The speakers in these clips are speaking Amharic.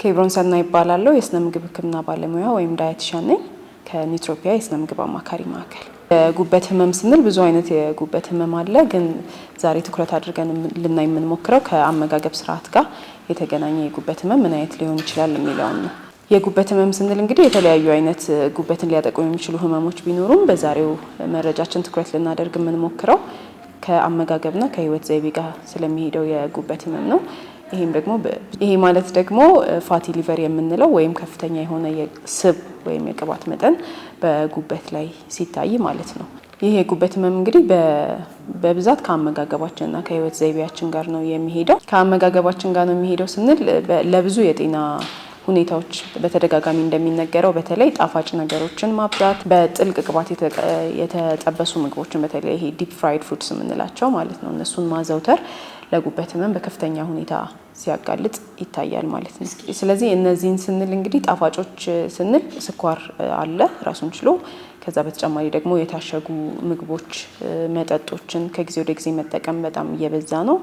ኬብሮን ሰና ይባላለው የስነ ምግብ ህክምና ባለሙያ ወይም ዳየትሻን ነኝ ከኒትሮፒያ የስነ ምግብ አማካሪ ማዕከል። የጉበት ህመም ስንል ብዙ አይነት የጉበት ህመም አለ፣ ግን ዛሬ ትኩረት አድርገን ልናይ የምንሞክረው ከአመጋገብ ስርዓት ጋር የተገናኘ የጉበት ህመም ምን አይነት ሊሆን ይችላል የሚለውን ነው። የጉበት ህመም ስንል እንግዲህ የተለያዩ አይነት ጉበትን ሊያጠቁ የሚችሉ ህመሞች ቢኖሩም በዛሬው መረጃችን ትኩረት ልናደርግ የምንሞክረው ከአመጋገብና ከህይወት ዘይቤ ጋር ስለሚሄደው የጉበት ህመም ነው። ይሄም ደግሞ ይሄ ማለት ደግሞ ፋቲ ሊቨር የምንለው ወይም ከፍተኛ የሆነ የስብ ወይም የቅባት መጠን በጉበት ላይ ሲታይ ማለት ነው። ይህ የጉበት ህመም እንግዲህ በብዛት ከአመጋገባችንና ከህይወት ዘይቤያችን ጋር ነው የሚሄደው። ከአመጋገባችን ጋር ነው የሚሄደው ስንል ለብዙ የጤና ሁኔታዎች በተደጋጋሚ እንደሚነገረው በተለይ ጣፋጭ ነገሮችን ማብዛት፣ በጥልቅ ቅባት የተጠበሱ ምግቦችን በተለይ ይሄ ዲፕ ፍራይድ ፉድስ የምንላቸው ማለት ነው እነሱን ማዘውተር ለጉበት ህመም በከፍተኛ ሁኔታ ሲያጋልጥ ይታያል ማለት ነው። ስለዚህ እነዚህን ስንል እንግዲህ ጣፋጮች ስንል ስኳር አለ ራሱን ችሎ። ከዛ በተጨማሪ ደግሞ የታሸጉ ምግቦች፣ መጠጦችን ከጊዜ ወደ ጊዜ መጠቀም በጣም እየበዛ ነው።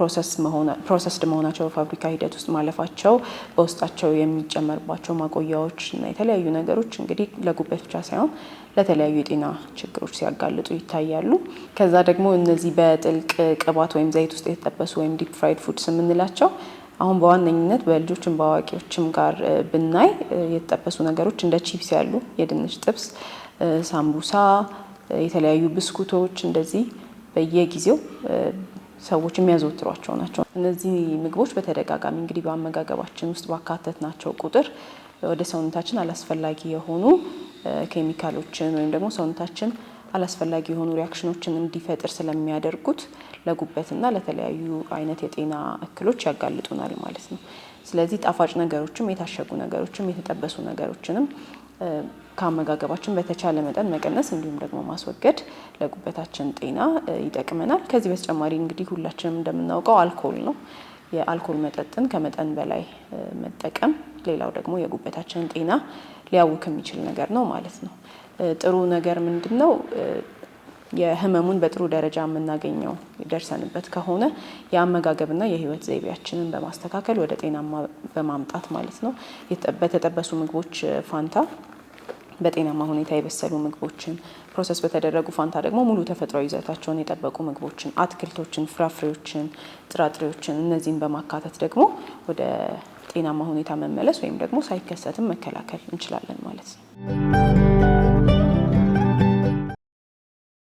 ፕሮሰስድ መሆናቸው በፋብሪካ ሂደት ውስጥ ማለፋቸው በውስጣቸው የሚጨመርባቸው ማቆያዎች እና የተለያዩ ነገሮች እንግዲህ ለጉበት ብቻ ሳይሆን ለተለያዩ የጤና ችግሮች ሲያጋልጡ ይታያሉ። ከዛ ደግሞ እነዚህ በጥልቅ ቅባት ወይም ዘይት ውስጥ የተጠበሱ ወይም ዲፕ ፍራይድ ፉድስ የምንላቸው አሁን በዋነኝነት በልጆችም በአዋቂዎችም ጋር ብናይ የተጠበሱ ነገሮች እንደ ቺፕስ ያሉ የድንች ጥብስ፣ ሳምቡሳ፣ የተለያዩ ብስኩቶች እንደዚህ በየጊዜው ሰዎች የሚያዘወትሯቸው ናቸው። እነዚህ ምግቦች በተደጋጋሚ እንግዲህ በአመጋገባችን ውስጥ ባካተት ናቸው ቁጥር ወደ ሰውነታችን አላስፈላጊ የሆኑ ኬሚካሎችን ወይም ደግሞ ሰውነታችን አላስፈላጊ የሆኑ ሪያክሽኖችን እንዲፈጥር ስለሚያደርጉት ለጉበትና ለተለያዩ አይነት የጤና እክሎች ያጋልጡናል ማለት ነው። ስለዚህ ጣፋጭ ነገሮችም የታሸጉ ነገሮችም የተጠበሱ ነገሮችንም ከአመጋገባችን በተቻለ መጠን መቀነስ እንዲሁም ደግሞ ማስወገድ ለጉበታችን ጤና ይጠቅመናል። ከዚህ በተጨማሪ እንግዲህ ሁላችንም እንደምናውቀው አልኮል ነው። የአልኮል መጠጥን ከመጠን በላይ መጠቀም ሌላው ደግሞ የጉበታችንን ጤና ሊያውክ የሚችል ነገር ነው ማለት ነው። ጥሩ ነገር ምንድን ነው? የህመሙን በጥሩ ደረጃ የምናገኘው ደርሰንበት ከሆነ የአመጋገብና የህይወት ዘይቤያችንን በማስተካከል ወደ ጤናማ በማምጣት ማለት ነው። በተጠበሱ ምግቦች ፋንታ በጤናማ ሁኔታ የበሰሉ ምግቦችን፣ ፕሮሰስ በተደረጉ ፋንታ ደግሞ ሙሉ ተፈጥሯዊ ይዘታቸውን የጠበቁ ምግቦችን፣ አትክልቶችን፣ ፍራፍሬዎችን፣ ጥራጥሬዎችን እነዚህን በማካተት ደግሞ ወደ ጤናማ ሁኔታ መመለስ ወይም ደግሞ ሳይከሰትም መከላከል እንችላለን ማለት ነው።